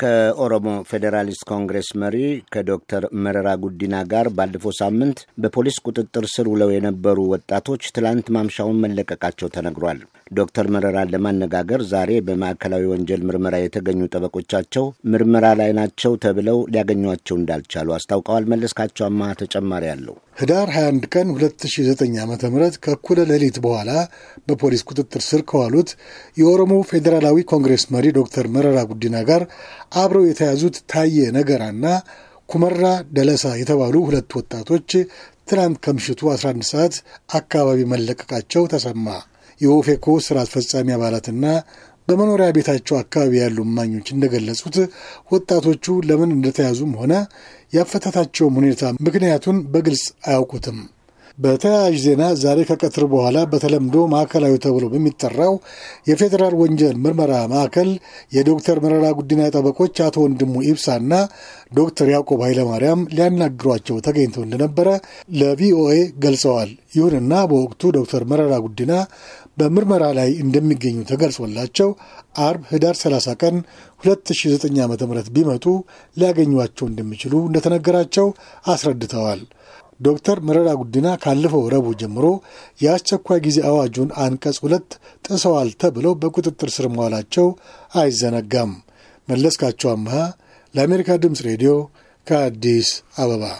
ከኦሮሞ ፌዴራሊስት ኮንግሬስ መሪ ከዶክተር መረራ ጉዲና ጋር ባለፈው ሳምንት በፖሊስ ቁጥጥር ስር ውለው የነበሩ ወጣቶች ትላንት ማምሻውን መለቀቃቸው ተነግሯል። ዶክተር መረራን ለማነጋገር ዛሬ በማዕከላዊ ወንጀል ምርመራ የተገኙ ጠበቆቻቸው ምርመራ ላይ ናቸው ተብለው ሊያገኟቸው እንዳልቻሉ አስታውቀዋል። መለስካቸው አማሃ ተጨማሪ አለው። ህዳር 21 ቀን 2009 ዓ ም ከእኩለ ሌሊት በኋላ በፖሊስ ቁጥጥር ስር ከዋሉት የኦሮሞ ፌዴራላዊ ኮንግሬስ መሪ ዶክተር መረራ ጉዲና ጋር አብረው የተያዙት ታዬ ነገራና ኩመራ ደለሳ የተባሉ ሁለት ወጣቶች ትናንት ከምሽቱ 11 ሰዓት አካባቢ መለቀቃቸው ተሰማ። የኦፌኮ ሥራ አስፈጻሚ አባላትና በመኖሪያ ቤታቸው አካባቢ ያሉ እማኞች እንደገለጹት ወጣቶቹ ለምን እንደተያዙም ሆነ ያፈታታቸውም ሁኔታ ምክንያቱን በግልጽ አያውቁትም። በተያያዥ ዜና ዛሬ ከቀትር በኋላ በተለምዶ ማዕከላዊ ተብሎ በሚጠራው የፌዴራል ወንጀል ምርመራ ማዕከል የዶክተር መረራ ጉዲና ጠበቆች አቶ ወንድሙ ኢብሳና ዶክተር ያዕቆብ ኃይለማርያም ሊያናግሯቸው ተገኝተው እንደነበረ ለቪኦኤ ገልጸዋል። ይሁንና በወቅቱ ዶክተር መረራ ጉዲና በምርመራ ላይ እንደሚገኙ ተገልጾላቸው አርብ ህዳር 30 ቀን 2009 ዓ ም ቢመጡ ሊያገኟቸው እንደሚችሉ እንደተነገራቸው አስረድተዋል። ዶክተር መረራ ጉዲና ካለፈው ረቡዕ ጀምሮ የአስቸኳይ ጊዜ አዋጁን አንቀጽ ሁለት ጥሰዋል ተብለው በቁጥጥር ስር መዋላቸው አይዘነጋም። መለስካቸው አምሃ ለአሜሪካ ድምፅ ሬዲዮ ከአዲስ አበባ